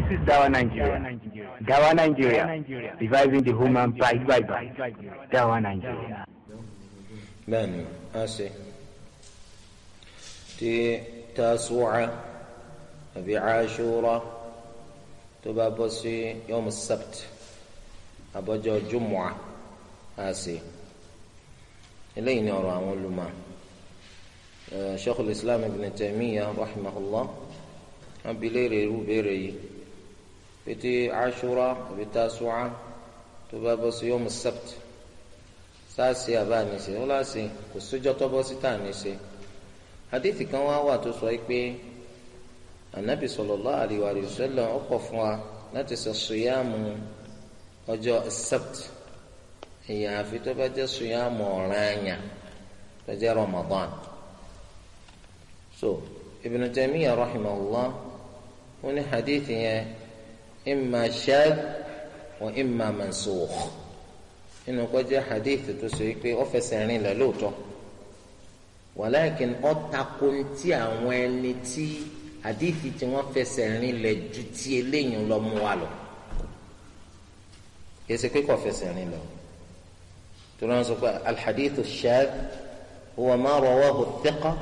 This is Dawa Nigeria. Dawa Nigeria. Reviving the human pride. by Bible. Dawa Nigeria. Bẹ́ẹ̀ni, a ṣe tí Tasu'a àbí Ashura tó bá bọ́ sí Yom Sabt àbọ̀jọ́ Jumu'a a ṣe. Eléyìí ni ọ̀rọ̀ àwọn olùmọ̀. Eh, Sheikhul Islam Ibn Taymiyyah rahimahullah. Wọ́n bi léèrè irú béèrè yìí pété aṣúra àbí tasu'a tó bá bọ́ sí yom sabt sáàsì àbá níṣe ó láṣẹ kò sójọ́ tó bọ́ sí tà níṣe hadith kan wá wà tó sọ pé anabi sallallahu alaihi wa sallam ó kọ̀ fún wa láti sọ ṣùyàmù ọjọ́ sabt èèyàn àfi tó bá jẹ́ ṣùyàmù ọ̀ranyàn tó jẹ́ Ramadan so Ibn Taymiyyah rahimahullah ó ní hadith yẹn imma shadh wa imma mansukh nínú kọjá hadith tó so yìí pé ó fẹsẹ̀ rìn lẹ̀ lóòótọ́ wàlákin ó tako ti àwọn ẹni tí hadith tí wọ́n fẹsẹ̀ rìn lẹ̀ ju ti eléyìí lọ mú wa lọ kìí ṣe pé kò fẹsẹ̀ lọ tó lọ́n sọ pé alhadithu shadh huwa ma rawahu thiqa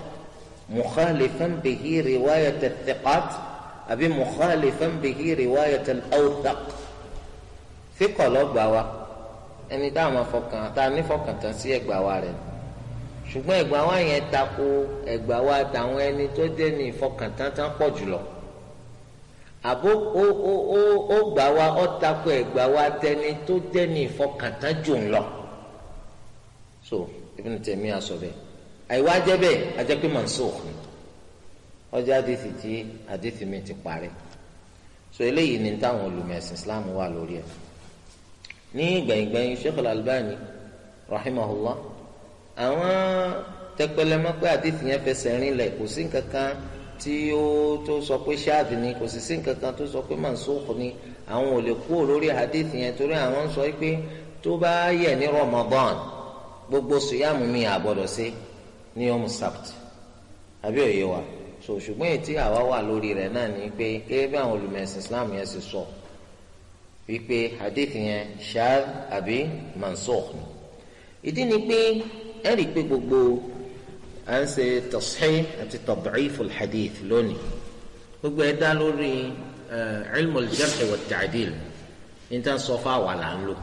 mukhalifan bihi riwayat thiqat àbí mukhalifan bihi riwayat al-awthaq fíkọ̀ lọ́gbà wa ẹni tá a máa fọkàn tá a nífọkàn tán sí ẹgbà wa rẹ̀ ṣùgbọ́n ẹgbà wa yẹn tako ẹgbà wa tàwọn ẹni tó dé ní ìfọkàntán tán pọ̀ jùlọ àbó ó ó ó ó gbà wa ó tako ẹgbà wa tẹni tó dé ní ìfọkàntán jù ń lọ so Ibn Taymiyyah sọ bẹ́ẹ̀ àìwá jẹ́ bẹ́ẹ̀ ajẹ́ pé màá ọjọ́ àdìsí tí àdìsí mi ti parí so eléyìí ni táwọn olùmẹ̀sìn Islam wà lórí ẹ̀ ní gbẹ̀yìngbẹ̀yìn Sheikh Al-Albani rahimahullah àwọn tẹpẹlẹmọ pé àdìsí yẹn fẹsẹ̀ rinlẹ̀ kò sí nǹkan kan tí ó tó sọ pé ṣáàdì ni kò sì sí nǹkan kan tó sọ pé mansukh ni àwọn ò lè kúrò lórí àdìsí yẹn torí àwọn ń sọ pé tó bá yẹ ní Ramadan gbogbo sùyàmù mi àbọ̀dọ̀ sí ní ọmọ sábàtì àbí òye wa so ṣùgbọ́n èyí tí àwa wà lórí rẹ̀ náà ni pé kéé bí àwọn olùmẹ̀sìn islam yẹn ṣe sọ wípé hadith yẹn shad àbí mansukh ìdí ni pé ẹ rí i pé gbogbo à ń ṣe tashih àti tad'iful hadith lónìí gbogbo ẹ dá lórí ilmul jarh wa ta'dil ní tá à sọ fún àwa là ń lò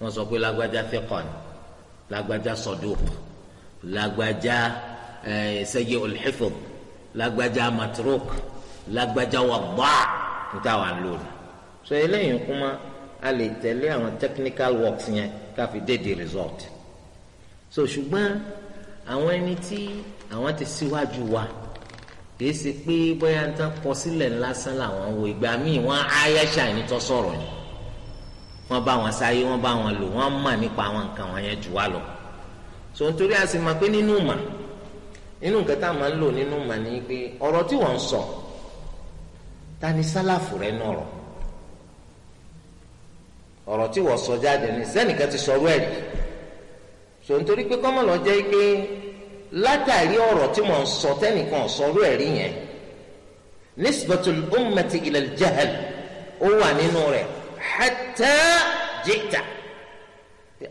wọ́n sọ pé lágbájá thiqa lágbájá saduq lágbájá sayyi'ul hifz lágbájá matrok lágbájá wàgbà níta wà lónìí so eléyìí kuma a lè tẹ̀lé àwọn technical works yẹn ká fi dé di result so ṣùgbọ́n àwọn ẹni tí àwọn ti síwájú wa kì í ṣe pé bóyá ń tán kọ sílẹ̀ lásán làwọn wo ìgbà míì wọ́n ayáṣà ẹni tó sọ̀rọ̀ ni wọ́n bá wọn sáyé wọ́n bá wọn lò wọ́n mọ̀ nípa àwọn nǹkan wọn yẹn jù wá lọ so nítorí a sì mọ̀ pé nínú ìmọ̀ nínú nǹkan tá a máa ń lò nínú mà ní pé ọ̀rọ̀ tí wọ́n ń sọ ta ni sálàfù rẹ náà rọ̀ ọ̀rọ̀ tí wọ́n sọ jáde ní sẹ́nìkan ti sọ̀rọ̀ ẹ̀rí sọ nítorí pé kọ́mọ̀ lọ jẹ́ pé látàrí ọ̀rọ̀ tí mò ń sọ tẹ́nìkan sọ̀rọ̀ ẹ̀rí yẹn nisbatul ummati ilal jahal ó wà nínú rẹ̀ hatta jita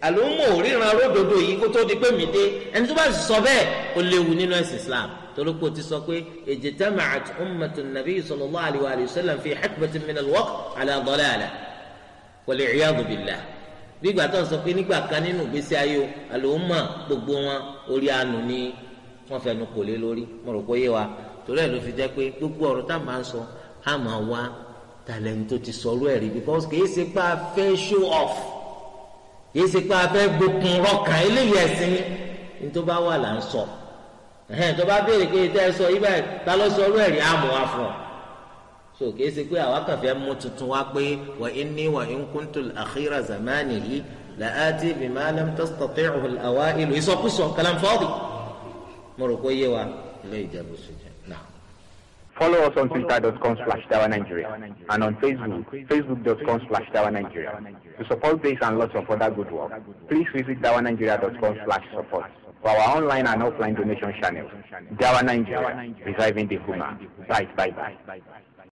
àlùmọ̀ òríran ródòdó yìí kó tó di pé mi dé ẹni tó bá sọ bẹ́ẹ̀ ó léwu nínú ẹ̀sìn Islam torókò ti sọ pé ijtama'at ummatu nabi sallallahu alayhi wa alayhi wa sallam fi hikmatin min al-waqt ala dalalah wal-i'yadu billah gbígbà tó ń sọ pé nígbà kan nínú ìgbésí ayé àlùmọ̀ gbogbo wọn orí àánú ni wọ́n fẹnu kò lé lórí mo rò pé yé wa torí yìí ṣe pé abẹ́ gbókun rọ́kàn eléyìí ẹ̀sìn ni ní tó bá wà là ń sọ ẹ̀hẹ́n tó bá béèrè pé ìtẹ́ sọ yí báyìí ta ló sọ ọrú ẹ̀rí àmọ́ wa fún ọ. so kìí ṣe pé àwa kàn fẹ́ mú tuntun wá pé wa inni wa in kuntul akhira zamanihi la'ati bima lam tastati'hu al-awailu ìsọkúsọ kalam fadi mo rò pé yé wa ilé ìjẹ́bù sójà náà. Follow us on twitter.com slash Tower Nigeria and on Facebook, facebook.com slash Tower Nigeria. To support this and lots of other good work, please visit dawanigeria.com slash support for our online and offline donation channels. Dawa Nigeria, reviving the Puma. Bye, bye, bye.